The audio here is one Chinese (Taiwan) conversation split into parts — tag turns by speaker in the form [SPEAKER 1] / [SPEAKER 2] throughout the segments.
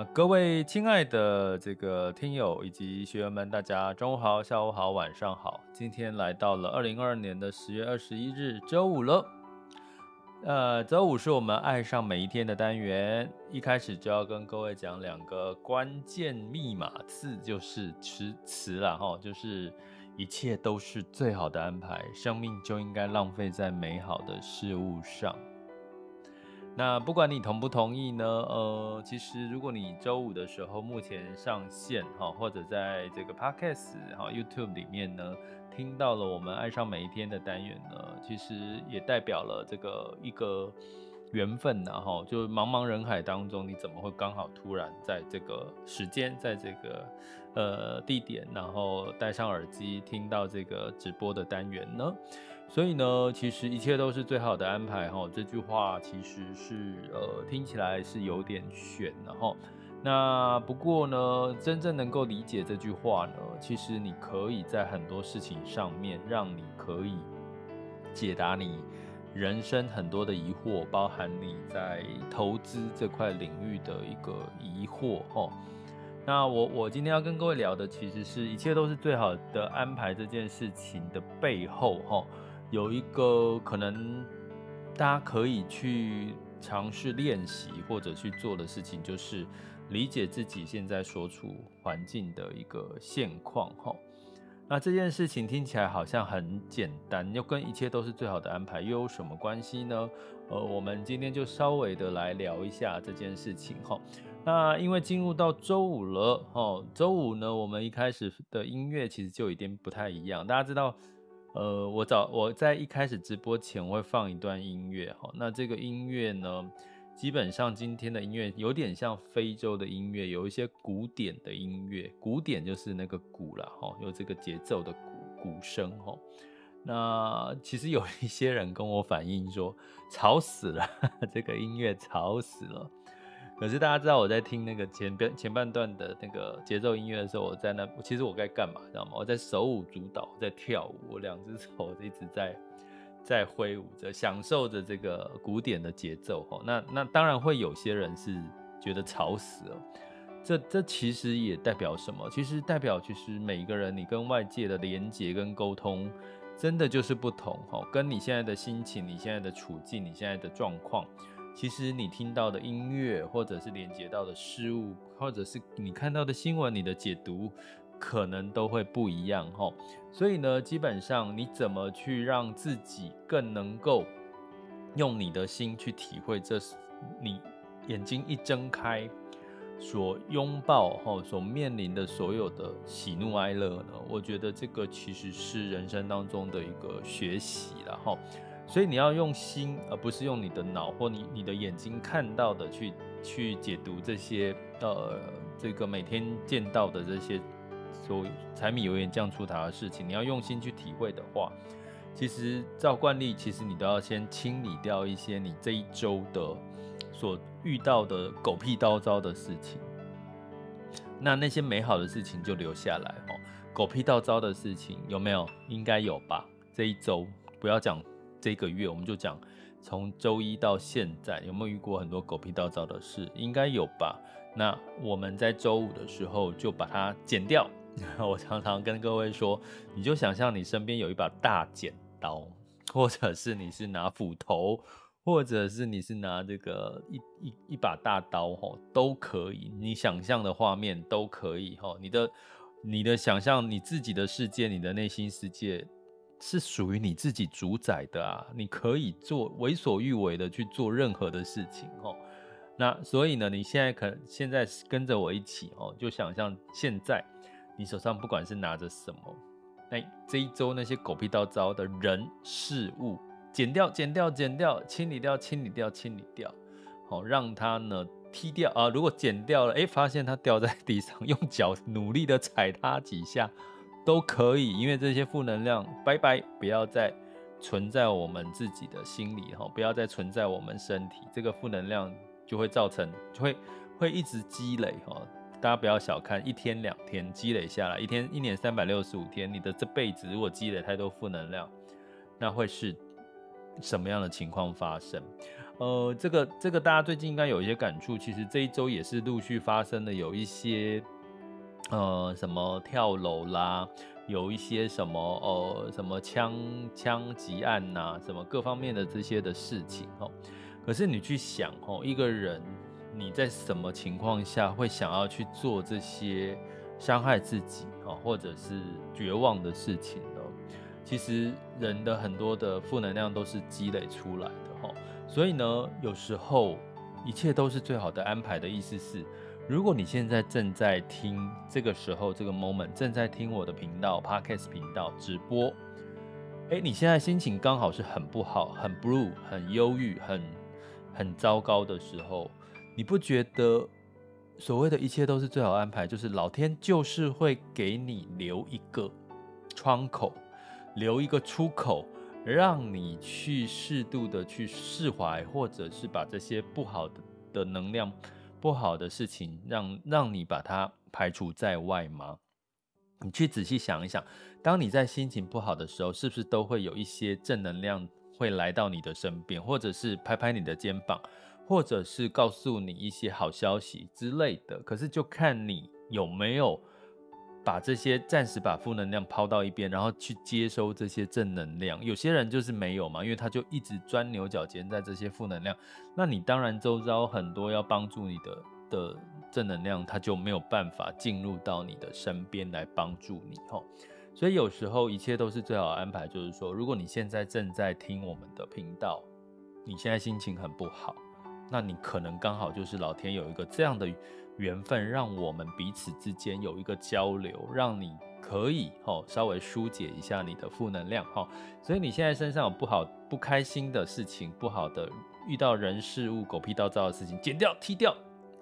[SPEAKER 1] 呃、各位親愛的這個聽友以及學員們，大家中午好、下午好、晚上好！今天來到了二零二二年的十月二十一日，周五了。呃，周五是我們愛上每一天的單元，一開始就要跟各位講兩個關鍵密碼字，次就是詞詞了哈，就是一切都是最好的安排，生命就應該浪費在美好的事物上。那不管你同不同意呢，呃，其實如果你週五的時候目前上線哈，或者在這個 podcast YouTube 裡面呢，聽到了我們愛上每一天的單元呢，其實也代表了這個一個緣分啊，然後就茫茫人海當中，你怎麼會剛好突然在這個時間，在這個呃地點，然後戴上耳機聽到這個直播的單元呢？所以呢，其實一切都是最好的安排哈。這句話其實是呃，聽起來是有點玄的哈。那不過呢，真正能夠理解這句話呢，其實你可以在很多事情上面，讓你可以解答你人生很多的疑惑，包含你在投資這塊領域的一個疑惑哈。那我我今天要跟各位聊的，其實是一切都是最好的安排這件事情的背後哈。有一個可能大家可以去嘗試練習或者去做的事情，就是理解自己現在所處環境的一個現況。哈，那這件事情聽起來好像很簡單，又跟一切都是最好的安排又有什麼關係呢？呃，我們今天就稍微的來聊一下這件事情。哈，那因為進入到周五了，哈，周五呢，我們一開始的音樂其實就已經不太一樣，大家知道。呃，我找我在一開始直播前我會放一段音樂哈，那這個音樂呢，基本上今天的音樂有點像非洲的音樂，有一些古典的音樂，古典就是那個鼓了，哈，有這個節奏的鼓鼓聲哈。那其實有一些人跟我反映說，吵死了，呵呵，這個音樂吵死了。可是大家知道我在聽那個前邊前半段的那個節奏音樂的時候，我在那其實我該幹嘛，知道嗎？我在手舞足蹈，在跳舞，我兩隻手一直在在揮舞着，享受着這個古典的節奏哦，那那當然會有些人是覺得吵死了，這這其實也代表什麼？其實代表其實每一個人你跟外界的連接跟溝通真的就是不同哈，跟你現在的心情、你現在的處境、你現在的狀況。其實你聽到的音樂，或者是連接到的事物，或者是你看到的新聞，你的解讀可能都會不一樣哈、哦。所以呢，基本上你怎麼去讓自己更能夠用你的心去體會這，這是你眼睛一睜開所擁抱、哦、所面臨的所有的喜怒哀樂呢？我覺得這個其實是人生當中的一個學習了哈。哦所以你要用心，而不是用你的腦或你你的眼睛看到的去去解讀這些呃這個每天見到的這些所柴米油鹽醬醋茶的事情。你要用心去體會的話，其實照慣例，其實你都要先清理掉一些你這一周的所遇到的狗屁倒灶的事情。那那些美好的事情就留下來哦。狗屁倒灶的事情有沒有？應該有吧？這一周不要講。這個月我們就講，從周一到現在有沒有遇過很多狗屁倒灶的事？應該有吧。那我們在周五的時候就把它剪掉。 我常常跟各位說，你就想象你身邊有一把大剪刀，或者是你是拿斧頭，或者是你是拿這個一一一把大刀，吼都可以。你想象的畫面都可以，吼你的你的想象，你自己的世界，你的內心世界。是屬於你自己主宰的啊！你可以做為所欲為的去做任何的事情哦、喔。那所以呢，你現在可能現在跟着我一起哦、喔，就想象現在你手上不管是拿着什麼，那、欸、這一周那些狗屁倒灶的人事物，剪掉、剪掉、剪掉，清理掉、清理掉、清理掉，好、喔、讓它呢踢掉啊！如果剪掉了，哎、欸，發現它掉在地上，用腳努力的踩它幾下。都可以，因為這些負能量，拜拜，不要再存在我們自己的心裡哈，不要再存在我們身體這個負能量就會造成，就會會一直積累哦。大家不要小看一天兩天積累下來，一天一年三百六十五天，你的這輩子如果積累太多負能量，那會是什麼樣的情況發生？呃，這個這個大家最近應該有一些感觸，其實這一周也是陸續發生的，有一些。呃，什麼跳樓啦，有一些什麼呃，什麼槍槍擊案吶啊，什麼各方面的這些的事情哦。可是你去想哦，一個人你在什麼情況下會想要去做這些傷害自己哦，或者是絕望的事情呢？其實人的很多的負能量都是積累出來的哦。所以呢，有時候一切都是最好的安排的意思是。如果你現在正在聽這個時候，這個 moment 正在聽我的頻道 podcast 頻道直播，誒，你現在心情剛好是很不好，很 blue，很憂鬱、很很糟糕的時候，你不覺得所謂的一切都是最好安排，就是老天就是會給你留一個窗口，留一個出口，讓你去適度的去釋懷，或者是把這些不好的的能量。不好的事情讓，讓讓你把它排除在外嗎？你去仔細想一想，當你在心情不好的時候，是不是都會有一些正能量會來到你的身邊，或者是拍拍你的肩膀，或者是告訴你一些好消息之類的？可是就看你有沒有。把這些暫時把負能量拋到一邊，然後去接收這些正能量。有些人就是沒有嘛，因為他就一直鑽牛角尖在這些負能量。那你當然周遭很多要幫助你的的正能量，他就沒有辦法進入到你的身邊來幫助你吼。所以有時候一切都是最好的安排，就是說，如果你現在正在聽我們的頻道，你現在心情很不好。那你可能剛好就是老天有一個這樣的緣分，讓我們彼此之間有一個交流，讓你可以稍微疏解一下你的負能量哈。所以你現在身上有不好不開心的事情，不好的遇到人事物狗屁倒灶的事情，剪掉踢掉，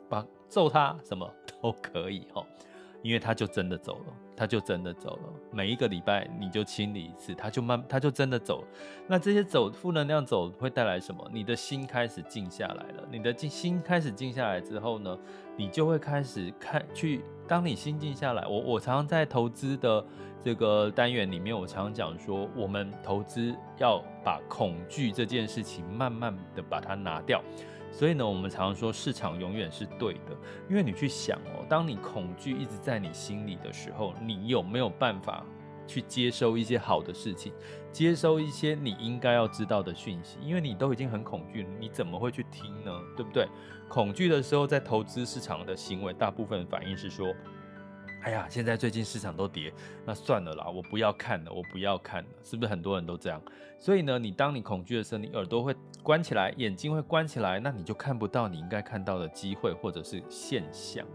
[SPEAKER 1] 把揍他什麼都可以哈。因為他就真的走了，他就真的走了。每一個禮拜你就清理一次，他就慢，他就真的走。那這些走，負能量走會帶來什麼？你的心開始靜下來了，你的心開始靜下來之後呢，你就會開始看去。當你心靜下來，我我常常在投資的這個單元裡面，我常常講說，我們投資要把恐懼這件事情慢慢的把它拿掉。所以呢，我們常說市場永遠是對的，因為你去想哦，當你恐懼一直在你心裡的時候，你有沒有辦法去接收一些好的事情，接收一些你應該要知道的訊息？因為你都已經很恐懼了，你怎麼會去聽呢？對不對？恐懼的時候，在投資市場的行為，大部分反應是說，哎呀，現在最近市場都跌，那算了啦，我不要看了，我不要看了，是不是很多人都這樣？所以呢，你當你恐懼的時候，你耳朵會關起來，眼睛會關起來，那你就看不到你應該看到的機會或者是現象了。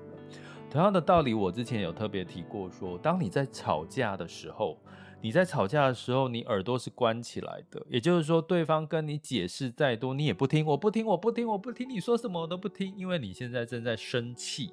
[SPEAKER 1] 同樣的道理，我之前有特別提過說，說當你在吵架的時候，你在吵架的時候，你耳朵是關起來的，也就是說，對方跟你解釋再多，你也不聽，不聽，我不聽，我不聽，我不聽，你說什麼我都不聽，因為你現在正在生氣。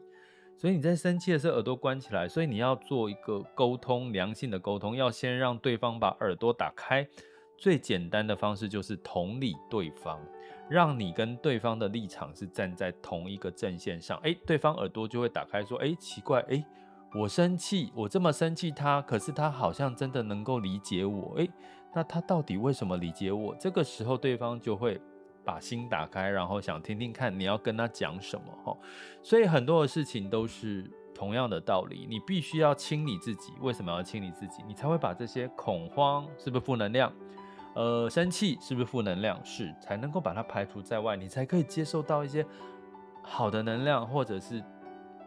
[SPEAKER 1] 所以你在生氣的時候，耳朵關起來。所以你要做一個溝通，良性的溝通，要先讓對方把耳朵打開。最簡單的方式就是同理對方，讓你跟對方的立場是站在同一個陣線上。欸，對方耳朵就會打開，說：“欸，奇怪，欸，我生氣，我這麼生氣他，可是他好像真的能夠理解我。欸，那他到底為什麼理解我？”這個時候，對方就會。把心打開，然後想聽聽看你要跟他講什麼哈。所以很多的事情都是同樣的道理，你必須要清理自己。為什麼要清理自己？你才會把這些恐慌是不是負能量？呃，生氣是不是負能量？是，才能夠把它排除在外，你才可以接受到一些好的能量，或者是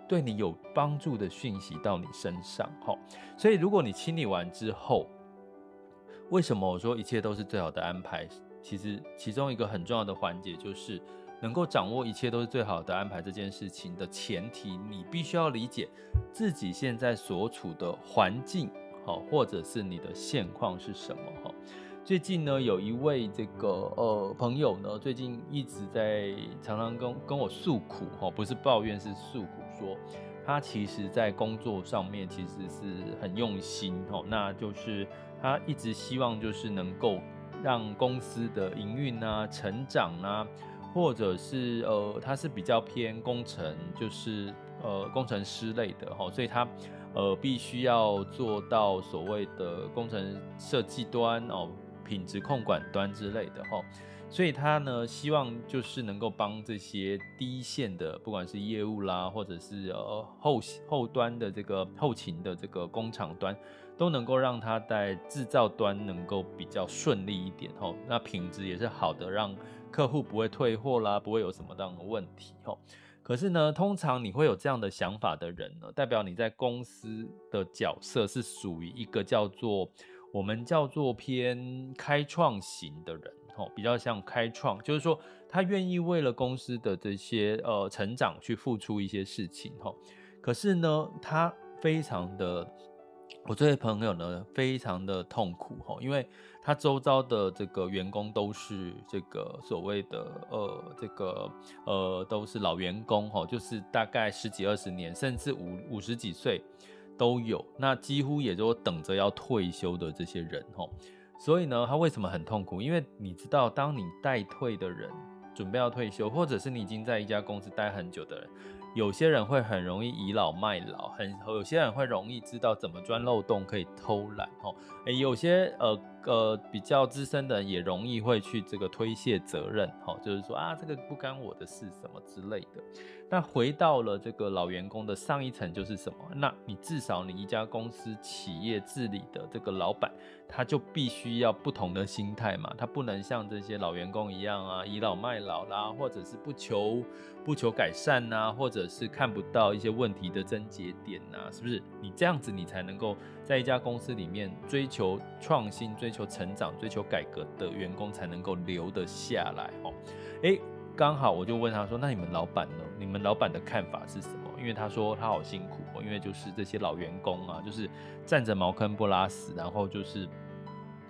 [SPEAKER 1] 對你有幫助的訊息到你身上哈。所以如果你清理完之後，為什麼我說一切都是最好的安排？其實，其中一個很重要的環節就是，能夠掌握一切都是最好的安排這件事情的前提，你必須要理解自己現在所處的環境，好，或者是你的現況是什麼。哈，最近呢，有一位這個呃朋友呢，最近一直在常常跟跟我訴苦，哦，不是抱怨，是訴苦，說他其實在工作上面其實是很用心，哦，那就是他一直希望就是能夠。讓公司的營運啊、成長啊，或者是呃，他是比較偏工程，就是呃，工程師類的吼、哦，所以他呃，必須要做到所謂的工程設計端哦、品質控管端之類的吼、哦，所以他呢，希望就是能夠幫這些第一線的，不管是業務啦，或者是呃後後端的這個後勤的這個工廠端。都能夠讓他在製造端能夠比較順利一點吼，那品質也是好的，讓客戶不會退貨啦，不會有什麼這樣的問題吼。可是呢，通常你會有這樣的想法的人呢，代表你在公司的角色是屬於一個叫做我們叫做偏開創型的人吼，比較像開創，就是說他願意為了公司的這些呃成長去付出一些事情吼。可是呢，他非常的。我這位朋友呢，非常的痛苦吼，因為他周遭的這個員工都是這個所謂的呃，這個呃，都是老員工吼，就是大概十幾二十年，甚至五五十幾歲都有，那幾乎也就等着要退休的這些人吼，所以呢，他為什麼很痛苦？因為你知道，當你待退的人準備要退休，或者是你已經在一家公司待很久的人。有些人會很容易倚老賣老，很有些人會容易知道怎麼鑽漏洞，可以偷懶哈、哦。誒，有些呃呃比較資深的人也容易會去這個推卸責任哈、哦，就是說啊這個不干我的事什麼之類的。那回到了這個老員工的上一層就是什麼？那你至少你一家公司企業治理的這個老闆。他就必須要不同的心態嘛，他不能像這些老員工一樣啊，倚老賣老啦，或者是不求不求改善吶、啊，或者是看不到一些問題的症結點吶、啊，是不是？你這樣子，你才能夠在一家公司裡面追求創新、追求成長、追求改革的員工才能夠留得下來哦。欸，剛好我就問他說：“那你們老板呢？你們老板的看法是什麼？”因為他說他好辛苦、哦，因為就是這些老員工啊，就是佔著茅坑不拉屎，然後就是。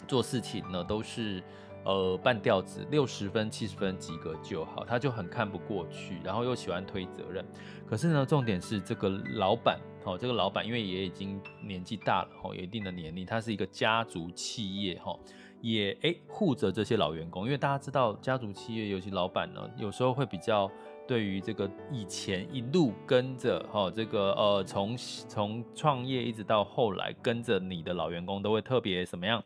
[SPEAKER 1] 做事情呢都是，呃半吊子，六十分七十分及格就好，他就很看不過去，然後又喜歡推責任。可是呢，重點是這個老板，哦，這個老板因為也已經年紀大了，吼、哦，有一定的年齡，他是一個家族企業，吼、哦，也誒護着這些老員工，因為大家知道家族企業，尤其老板呢，有時候會比較對於這個以前一路跟着，吼、哦，這個呃從從創業一直到後來跟着你的老員工，都會特別怎麼樣？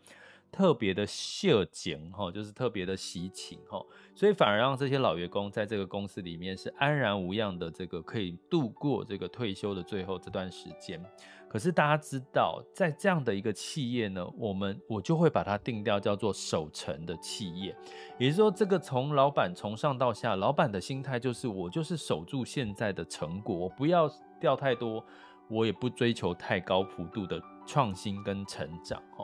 [SPEAKER 1] 特別的削景，哈，就是特別的喜慶。哈，所以反而讓這些老員工在這個公司裡面是安然無恙的，這個可以度過這個退休的最後這段時間。可是大家知道，在這樣的一個企業呢，我們我就會把它定調叫做守成的企業，也就是說，這個從老闆從上到下，老闆的心態就是我就是守住現在的成果，我不要掉太多，我也不追求太高幅度的創新跟成長哈。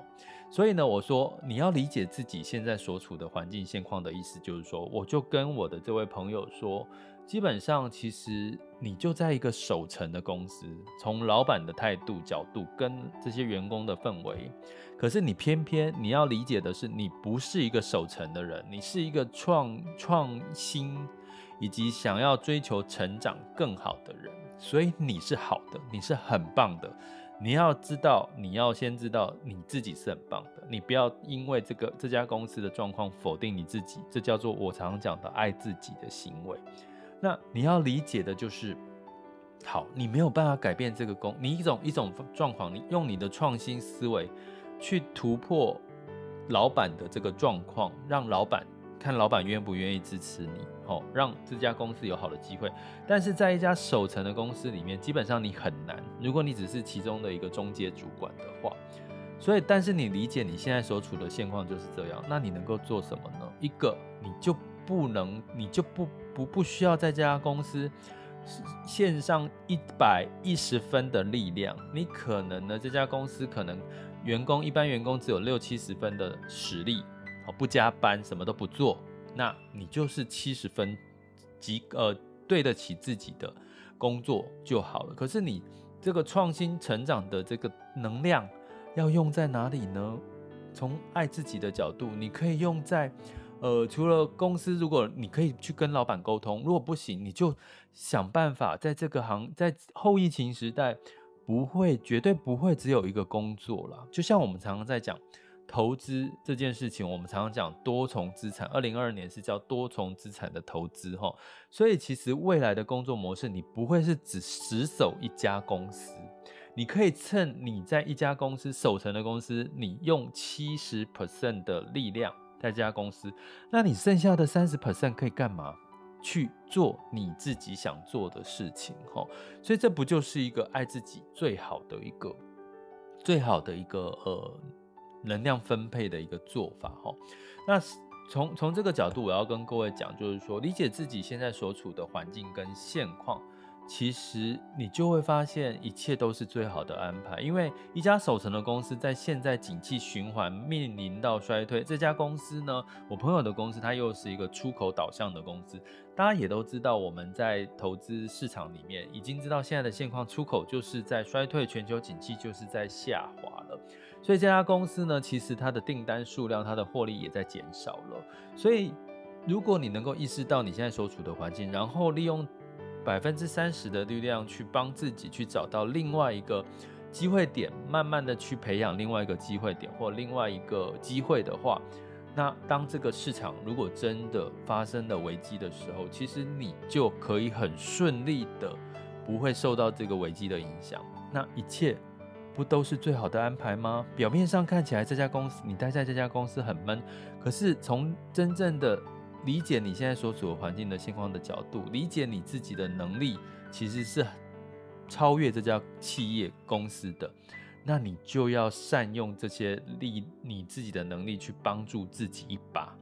[SPEAKER 1] 所以呢，我說你要理解自己現在所處的環境現況的意思，就是說，我就跟我的這位朋友說，基本上其實你就在一個守成的公司，從老板的態度角度跟這些員工的氛圍，可是你偏偏你要理解的是，你不是一個守成的人，你是一個創創新以及想要追求成長更好的人，所以你是好的，你是很棒的。你要知道，你要先知道你自己是很棒的，你不要因為這個這家公司的狀況否定你自己，這叫做我常常講的愛自己的行為。那你要理解的就是，好，你沒有辦法改變這個工，你一種一種狀況，你用你的創新思維去突破老闆的這個狀況，讓老闆。看老闆願不願意支持你，好、哦、讓這家公司有好的機會。但是在一家守成的公司裡面，基本上你很難。如果你只是其中的一個中介主管的話，所以，但是你理解你現在所處的現況就是這樣。那你能夠做什麼呢？一個你就不能，你就不不不需要在這家公司獻上一百一十分的力量。你可能呢，這家公司可能員工一般員工只有六七十分的實力。不加班，什麼都不做，那你就是七十分及呃，對得起自己的工作就好了。可是你這個創新成長的這個能量要用在哪裡呢？從愛自己的角度，你可以用在呃，除了公司，如果你可以去跟老板溝通，如果不行，你就想辦法在這個行，在後疫情時代，不會，絕對不會只有一個工作了。就像我們常常在講。投資這件事情，我們常常講多重資產。二零二二年是叫多重資產的投資，哈。所以其實未來的工作模式，你不會是只死守一家公司，你可以趁你在一家公司守成的公司，你用七十 percent 的力量在這家公司，那你剩下的三十 percent 可以幹嘛？去做你自己想做的事情，哈。所以這不就是一個愛自己最好的一個，最好的一個，呃。能量分配的一個做法哈，那從從這個角度，我要跟各位講，就是說理解自己現在所處的環境跟現況，其實你就會發現一切都是最好的安排。因為一家守成的公司在現在景氣循環面臨到衰退，這家公司呢，我朋友的公司，它又是一個出口導向的公司。大家也都知道，我們在投資市場裡面已經知道現在的現況，出口就是在衰退，全球景氣就是在下滑了。所以這家公司呢，其實它的訂單數量、它的獲利也在減少了。所以，如果你能夠意識到你現在所處的環境，然後利用百分之三十的力量去幫自己去找到另外一個機會點，慢慢的去培養另外一個機會點或另外一個機會的話，那當這個市場如果真的發生了危機的時候，其實你就可以很順利的不會受到這個危機的影響。那一切，不都是最好的安排嗎？表面上看起來這家公司，你待在這家公司很悶，可是從真正的理解你現在所處的環境的現況的角度，理解你自己的能力，其實是超越這家企業公司的。那你就要善用這些力，你自己的能力去幫助自己一把。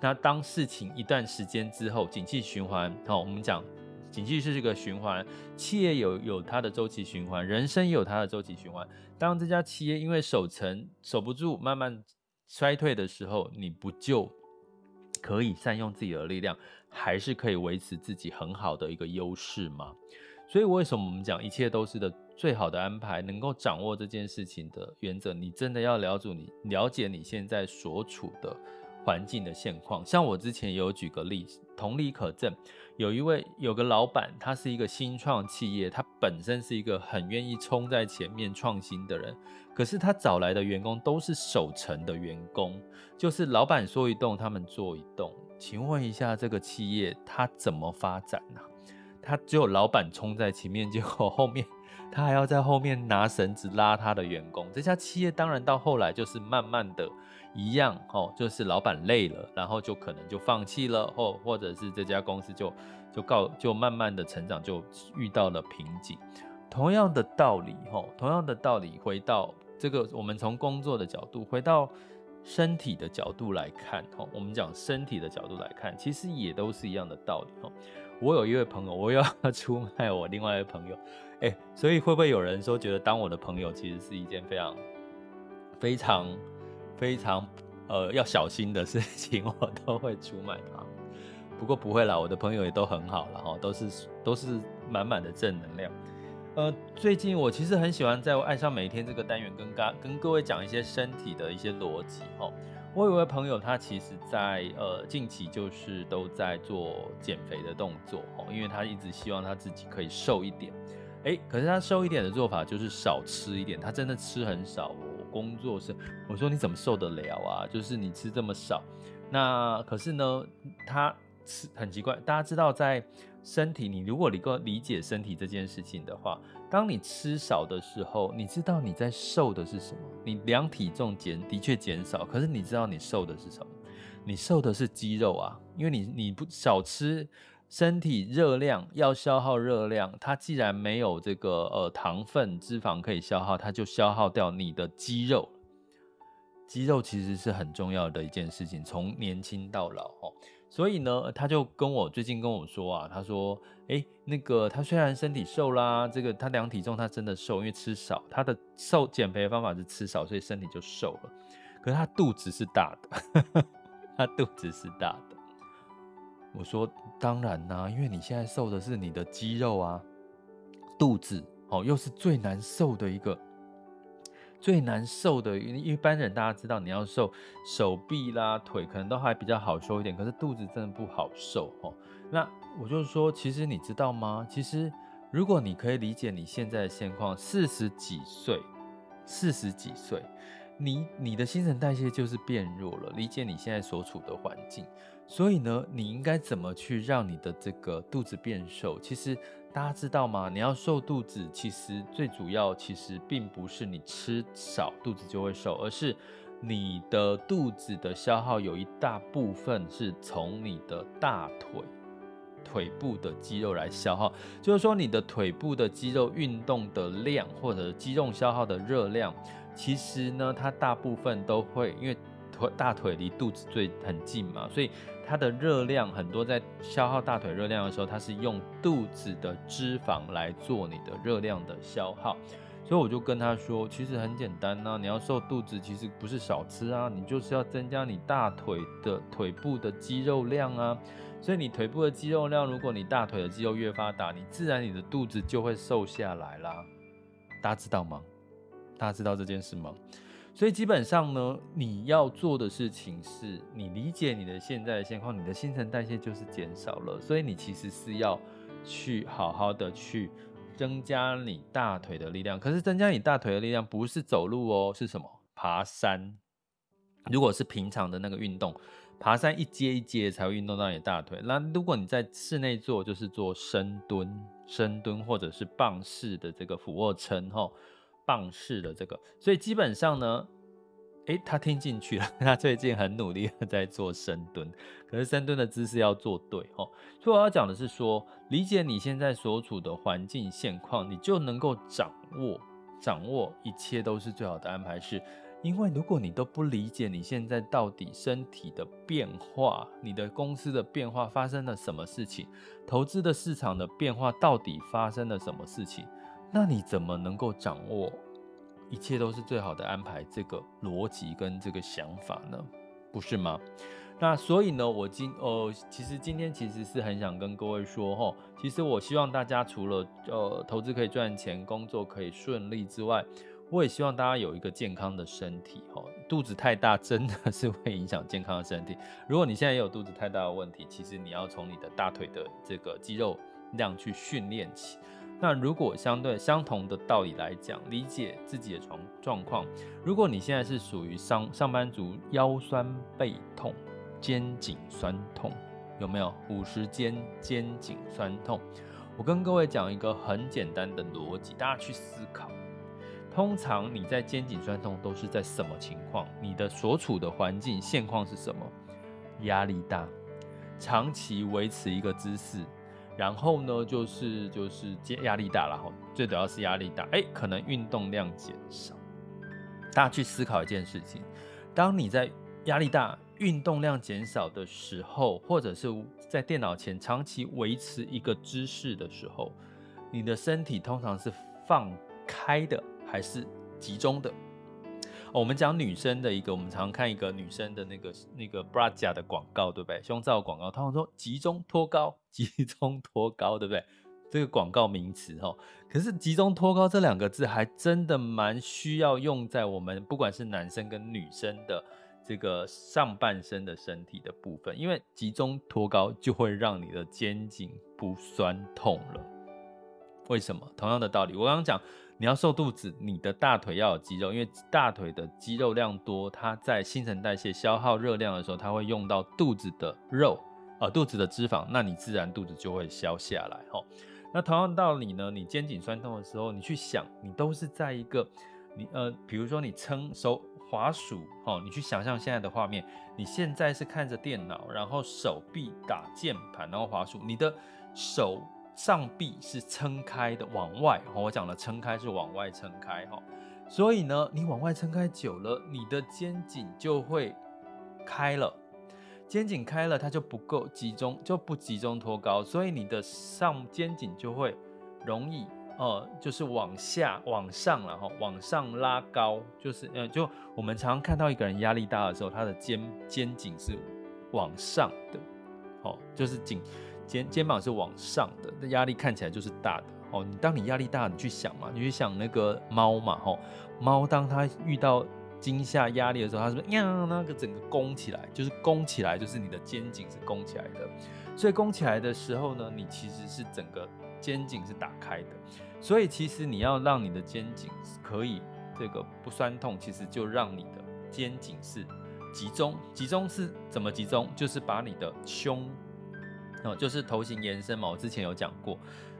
[SPEAKER 1] 那當事情一段時間之後，景氣循環，好，我們講。經濟是一個循環，企業有有它的周期循環，人生也有它的周期循環。當這家企業因為守成守不住，慢慢衰退的時候，你不就可以善用自己的力量，還是可以維持自己很好的一個優勢嗎？所以為什麼我們講一切都是的最好的安排？能夠掌握這件事情的原則，你真的要了解你了解你現在所處的。環境的現況，像我之前也有舉個例子，同理可證，有一位有個老闆，他是一個新創企業，他本身是一個很願意衝在前面創新的人，可是他找來的員工都是守成的員工，就是老闆說一動，他們做一動。請問一下，這個企業他怎麼發展呢、啊？他只有老闆衝在前面，結果後面他還要在後面拿繩子拉他的員工，這家企業當然到後來就是慢慢的。一樣哦，就是老闆累了，然後就可能就放棄了或者是這家公司就就告就慢慢的成長就遇到了瓶頸。同樣的道理哦，同樣的道理，道理回到這個我們從工作的角度，回到身體的角度來看哦，我們講身體的角度來看，其實也都是一樣的道理哦。我有一位朋友，我要出賣我另外一位朋友，哎、欸，所以會不會有人說覺得當我的朋友其實是一件非常非常。非常，呃，要小心的事情，我都會出賣他，不過不會啦，我的朋友也都很好啦，然後都是都是滿滿的正能量。呃，最近我其實很喜歡在我愛上每一天這個單元跟剛跟各位講一些身體的一些邏輯哦。我有一位朋友，他其實在呃近期就是都在做減肥的動作哦，因為他一直希望他自己可以瘦一點。誒，可是他瘦一點的做法就是少吃一點，他真的吃很少哦。工作是，我說你怎麼受得了啊？就是你吃這麼少，那可是呢，他吃很奇怪。大家知道，在身體，你如果你夠理解身體這件事情的話，當你吃少的時候，你知道你在瘦的是什麼？你量體重減的確減少，可是你知道你瘦的是什麼？你瘦的是肌肉啊，因為你你不少吃。身體熱量要消耗熱量，它既然沒有這個呃糖分、脂肪可以消耗，它就消耗掉你的肌肉。肌肉其實是很重要的一件事情，從年輕到老哦、喔，所以呢，他就跟我最近跟我說啊，他說：“哎、欸，那個他雖然身體瘦啦，這個他量體重他真的瘦，因為吃少，他的瘦減肥的方法是吃少，所以身體就瘦了。可是他肚子是大的，他 肚子是大的。”我說當然啦、啊，因為你現在瘦的是你的肌肉啊，肚子哦，又是最難瘦的一個，最難瘦的。一一般人大家知道，你要瘦手臂啦、腿可能都還比較好瘦一點，可是肚子真的不好瘦哦。那我就是說，其實你知道嗎？其實如果你可以理解你現在的現況，四十幾歲，四十幾歲，你你的新陳代謝就是變弱了。理解你現在所處的環境。所以呢，你應該怎麼去讓你的這個肚子變瘦？其實大家知道嗎？你要瘦肚子，其實最主要其實並不是你吃少肚子就會瘦，而是你的肚子的消耗有一大部分是從你的大腿、腿部的肌肉來消耗。就是說，你的腿部的肌肉運動的量或者肌肉消耗的熱量，其實呢，它大部分都會因為腿大腿離肚子最很近嘛，所以。它的熱量很多，在消耗大腿熱量的時候，它是用肚子的脂肪來做你的熱量的消耗。所以我就跟他說，其實很簡單吶啊，你要瘦肚子，其實不是少吃啊，你就是要增加你大腿的腿部的肌肉量啊。所以你腿部的肌肉量，如果你大腿的肌肉越發達，你自然你的肚子就會瘦下來啦。大家知道嗎？大家知道這件事嗎？所以基本上呢，你要做的事情是，你理解你的現在的現況，你的新陳代謝就是減少了，所以你其實是要去好好的去增加你大腿的力量。可是增加你大腿的力量不是走路哦，是什麼？爬山。如果是平常的那個運動，爬山一階一階才會運動到你大腿。那如果你在室內做，就是做深蹲、深蹲或者是棒式的這個俯臥撐，放肆的這個，所以基本上呢，誒、欸，他聽進去了。他最近很努力在做深蹲，可是深蹲的姿勢要做對哦。所以我要講的是說，理解你現在所處的環境現況，你就能夠掌握掌握一切都是最好的安排。是因為如果你都不理解你現在到底身體的變化，你的公司的變化發生了什麼事情，投資的市場的變化到底發生了什麼事情。那你怎麼能夠掌握一切都是最好的安排這個邏輯跟這個想法呢，不是嗎？那所以呢，我今呃，其實今天其實是很想跟各位說哈，其實我希望大家除了呃投資可以賺錢，工作可以順利之外，我也希望大家有一個健康的身體哈、哦。肚子太大真的是會影響健康的身體。如果你現在也有肚子太大的問題，其實你要從你的大腿的這個肌肉。這樣去訓練起。那如果相對相同的道理來講，理解自己的狀狀況。如果你現在是屬於上上班族，腰酸背痛、肩頸酸痛，有沒有五十肩、肩頸酸痛？我跟各位講一個很簡單的邏輯，大家去思考。通常你在肩頸酸痛都是在什麼情況？你的所處的環境現況是什麼？壓力大，長期維持一個姿勢。然後呢，就是就是接壓力大，然後最主要是壓力大，哎，可能運動量減少。大家去思考一件事情：當你在壓力大、運動量減少的時候，或者是在電腦前長期維持一個姿勢的時候，你的身體通常是放開的還是集中的？哦、我們講女生的一個，我們常看一個女生的那個那個布拉賈的廣告，對不對？胸罩廣告，他們說集中托高，集中托高，對不對？這個廣告名詞哦，可是集中托高這兩個字還真的蠻需要用在我們不管是男生跟女生的這個上半身的身體的部分，因為集中托高就會讓你的肩頸不酸痛了。為什麼？同樣的道理，我剛剛講。你要瘦肚子，你的大腿要有肌肉，因為大腿的肌肉量多，它在新陳代謝消耗熱量的時候，它會用到肚子的肉啊、呃，肚子的脂肪，那你自然肚子就會消下來哈。那同樣道理呢，你肩頸痠痛的時候，你去想，你都是在一個你呃，比如說你撐手滑鼠，你去想象現在的畫面，你現在是看着電腦，然後手臂打鍵盤，然後滑鼠，你的手。上臂是撐開的，往外，我講了，撐開是往外撐開哈。所以呢，你往外撐開久了，你的肩頸就會開了。肩頸開了，它就不夠集中，就不集中托高，所以你的上肩頸就會容易呃，就是往下往上，然後往上拉高，就是呃，就我們常常看到一個人壓力大的時候，他的肩肩頸是往上的，好，就是頸。肩肩膀是往上的，那壓力看起來就是大的哦。你當你壓力大，你去想嘛，你去想那個貓嘛，吼、哦，貓當它遇到驚嚇、壓力的時候，它是呀、呃，那個整個弓起來，就是弓起來、就是弓起來，就是你的肩頸是弓起來的。所以弓起來的時候呢，你其實是整個肩頸是打開的。所以其實你要讓你的肩頸可以這個不酸痛，其實就讓你的肩頸是集中。集中是怎麼集中？就是把你的胸。哦，就是頭型延伸嘛，我之前有講過，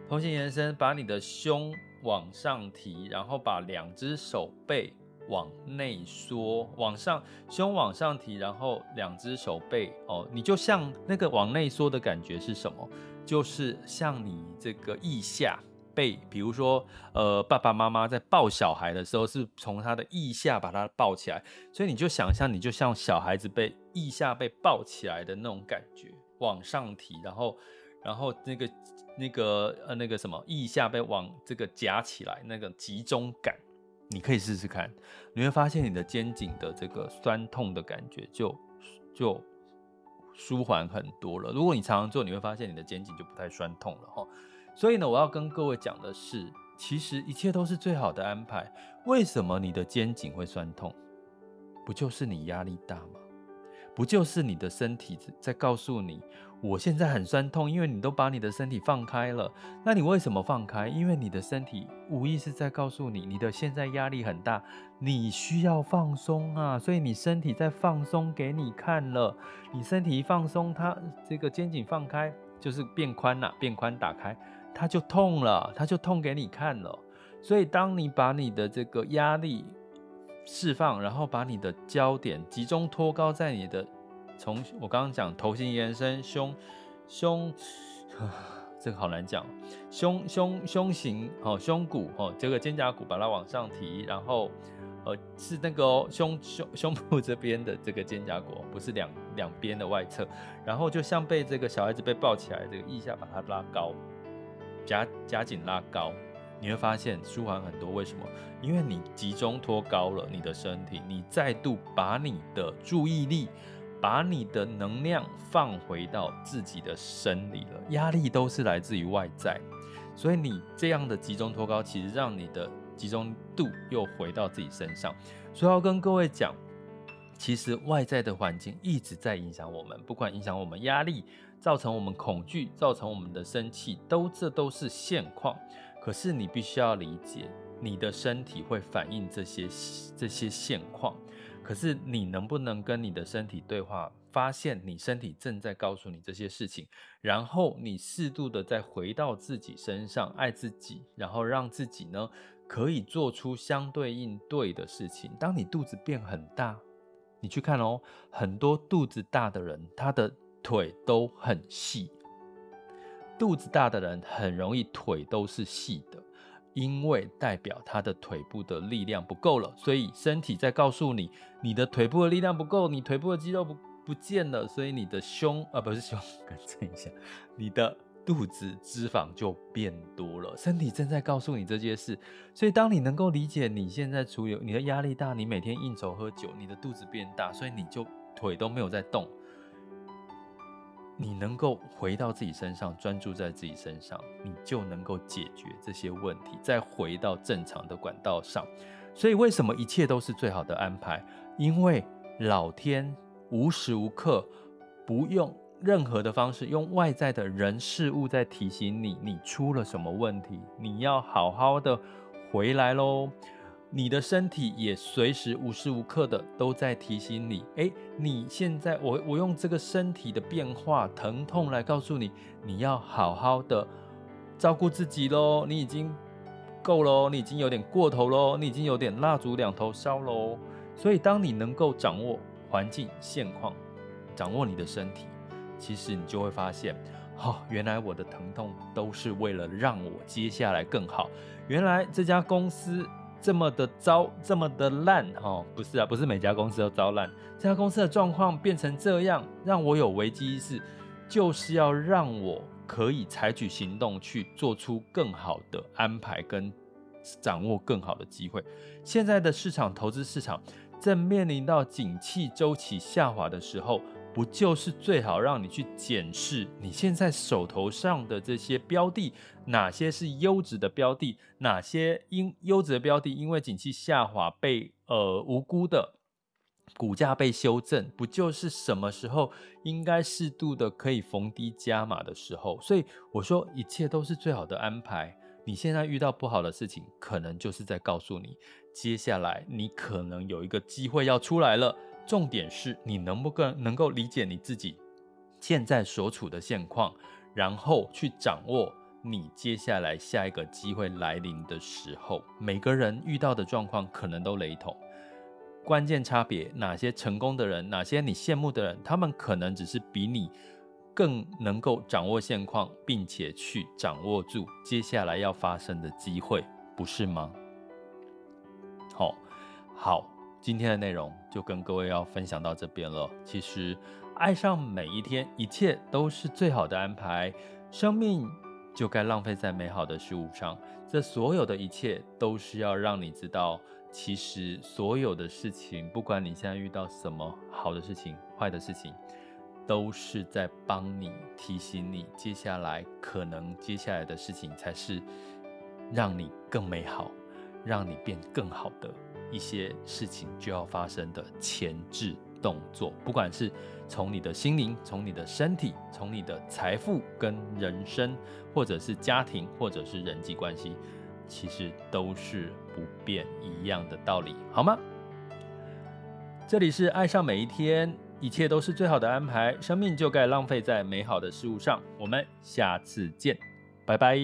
[SPEAKER 1] 頭型延伸，把你的胸往上提，然後把兩隻手背往內縮，往上，胸往上提，然後兩隻手背，哦，你就像那個往內縮的感覺是什麼？就是像你這個腋下被，比如說，呃，爸爸媽媽在抱小孩的時候，是從他的腋下把他抱起來，所以你就想象，你就像小孩子被腋下被抱起來的那種感覺。往上提，然後，然後那個那個呃那個什麼腋下被往這個夾起來，那個集中感，你可以試試看，你會發現你的肩頸的這個痠痛的感覺就就舒緩很多了。如果你常常做，你會發現你的肩頸就不太痠痛了哈。所以呢，我要跟各位講的是，其實一切都是最好的安排。為什麼你的肩頸會痠痛？不就是你壓力大嗎？不就是你的身體在告訴你，我現在很酸痛，因為你都把你的身體放開了。那你為什麼放開？因為你的身體無意識在告訴你，你的現在壓力很大，你需要放鬆啊。所以你身體在放鬆給你看了。你身體一放鬆，它這個肩頸放開就是變寬了，啊，變寬打開，它就痛了，它就痛給你看了。所以當你把你的這個壓力。釋放，然後把你的焦點集中托高在你的，從我剛剛講頭型延伸胸胸，啊，這個好難講，胸胸胸型哦，胸骨哦，這個肩胛骨，把它往上提，然後呃是那個、哦、胸胸胸部這邊的這個肩胛骨，不是兩兩邊的外側，然後就像被這個小孩子被抱起來，這個腋下把它拉高，夾夾緊拉高。你會發現舒緩很多，為什麼？因為你集中托高了你的身體，你再度把你的注意力、把你的能量放回到自己的生理了。壓力都是來自於外在，所以你這樣的集中托高，其實讓你的集中度又回到自己身上。所以要跟各位講，其實外在的環境一直在影響我們，不管影響我們壓力，造成我們恐懼，造成我們的生氣，都這都是現況。可是你必須要理解，你的身體會反映這些這些現況。可是你能不能跟你的身體對話，發現你身體正在告訴你這些事情，然後你適度的再回到自己身上，愛自己，然後讓自己呢可以做出相對應對的事情。當你肚子變很大，你去看哦，很多肚子大的人，他的腿都很細。肚子大的人很容易腿都是細的，因為代表他的腿部的力量不夠了，所以身體在告訴你，你的腿部的力量不夠，你腿部的肌肉不不見了，所以你的胸啊，不是胸，更正一下，你的肚子脂肪就變多了，身體正在告訴你這件事。所以當你能夠理解你現在處於你的壓力大，你每天應酬喝酒，你的肚子變大，所以你就腿都沒有在動。你能夠回到自己身上，專注在自己身上，你就能夠解決這些問題，再回到正常的管道上。所以，為什麼一切都是最好的安排？因為老天無時無刻不用任何的方式，用外在的人事物在提醒你，你出了什麼問題，你要好好的回來嘍。你的身體也隨時無時無刻的都在提醒你，誒，你現在我我用這個身體的變化、疼痛來告訴你，你要好好的照顧自己嘍。你已經夠嘍，你已經有點過頭嘍，你已經有點蠟燭兩頭燒嘍。所以，當你能夠掌握環境現況，掌握你的身體，其實你就會發現，哦，原來我的疼痛都是為了讓我接下來更好。原來這家公司。這麼的糟，這麼的爛，哈、哦，不是啊，不是每家公司都糟爛。這家公司的狀況變成這樣，讓我有危機意識，就是要讓我可以採取行動，去做出更好的安排跟掌握更好的機會。現在的市場投資市場正面臨到景氣周期下滑的時候。不就是最好讓你去檢視你現在手頭上的這些標的，哪些是優質的標的，哪些因優質的標的因為景氣下滑被呃無辜的股價被修正，不就是什麼時候應該適度的可以逢低加碼的時候？所以我說一切都是最好的安排。你現在遇到不好的事情，可能就是在告訴你，接下來你可能有一個機會要出來了。重點是你能不更能夠理解你自己現在所處的現況，然後去掌握你接下來下一個機會來臨的時候，每個人遇到的狀況可能都雷同，關鍵差別，哪些成功的人，哪些你羨慕的人，他們可能只是比你更能夠掌握現況，並且去掌握住接下來要發生的機會，不是嗎？好、哦，好。今天的內容就跟各位要分享到這邊了。其實，愛上每一天，一切都是最好的安排。生命就該浪費在美好的事物上。這所有的一切都是要讓你知道，其實所有的事情，不管你現在遇到什麼好的事情、壞的事情，都是在幫你提醒你，接下來可能接下來的事情才是讓你更美好、讓你變更好的。一些事情就要發生的前置動作，不管是從你的心靈、從你的身體、從你的財富跟人生，或者是家庭，或者是人際關係，其實都是不變一樣的道理，好嗎？這裡是愛上每一天，一切都是最好的安排，生命就該浪費在美好的事物上。我們下次見，拜拜。